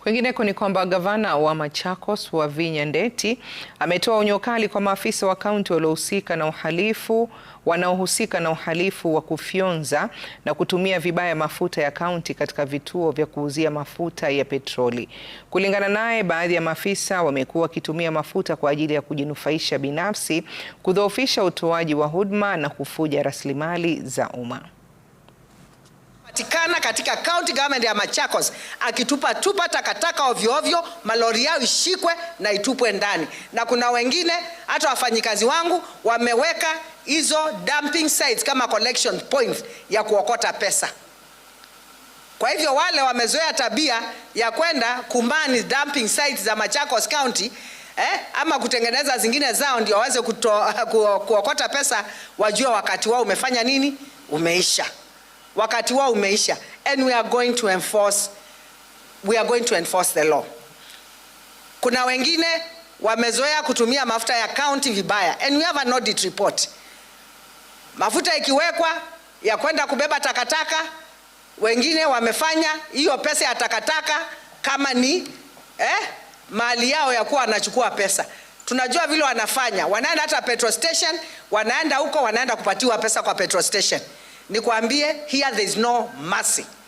Kwingineko ni kwamba gavana wa Machakos Wavinya Ndeti ametoa onyo kali kwa maafisa wa kaunti waliohusika na uhalifu wanaohusika na uhalifu wa kufyonza na kutumia vibaya mafuta ya kaunti katika vituo vya kuuzia mafuta ya petroli. Kulingana naye, baadhi ya maafisa wamekuwa wakitumia mafuta kwa ajili ya kujinufaisha binafsi, kudhoofisha utoaji wa huduma na kufuja rasilimali za umma anapatikana katika county government ya Machakos akitupa tupa takataka ovyo ovyo, malori yao ishikwe na itupwe ndani. Na kuna wengine hata wafanyikazi wangu wameweka hizo dumping sites kama collection point ya kuokota pesa. Kwa hivyo wale wamezoea tabia ya kwenda kumbani dumping sites za Machakos County eh, ama kutengeneza zingine zao ndio waweze kuokota pesa, wajua wakati wao umefanya nini, umeisha wakati wao umeisha, and we are going to enforce, we are going to enforce the law. Kuna wengine wamezoea kutumia mafuta ya county vibaya, and we have an audit report. Mafuta ikiwekwa ya kwenda kubeba takataka, wengine wamefanya hiyo pesa ya takataka kama ni eh, mali yao ya kuwa wanachukua pesa tunajua vile wanafanya, wanaenda hata petrol station, wanaenda huko, wanaenda kupatiwa pesa kwa petrol station nikwambie, here there is no mercy.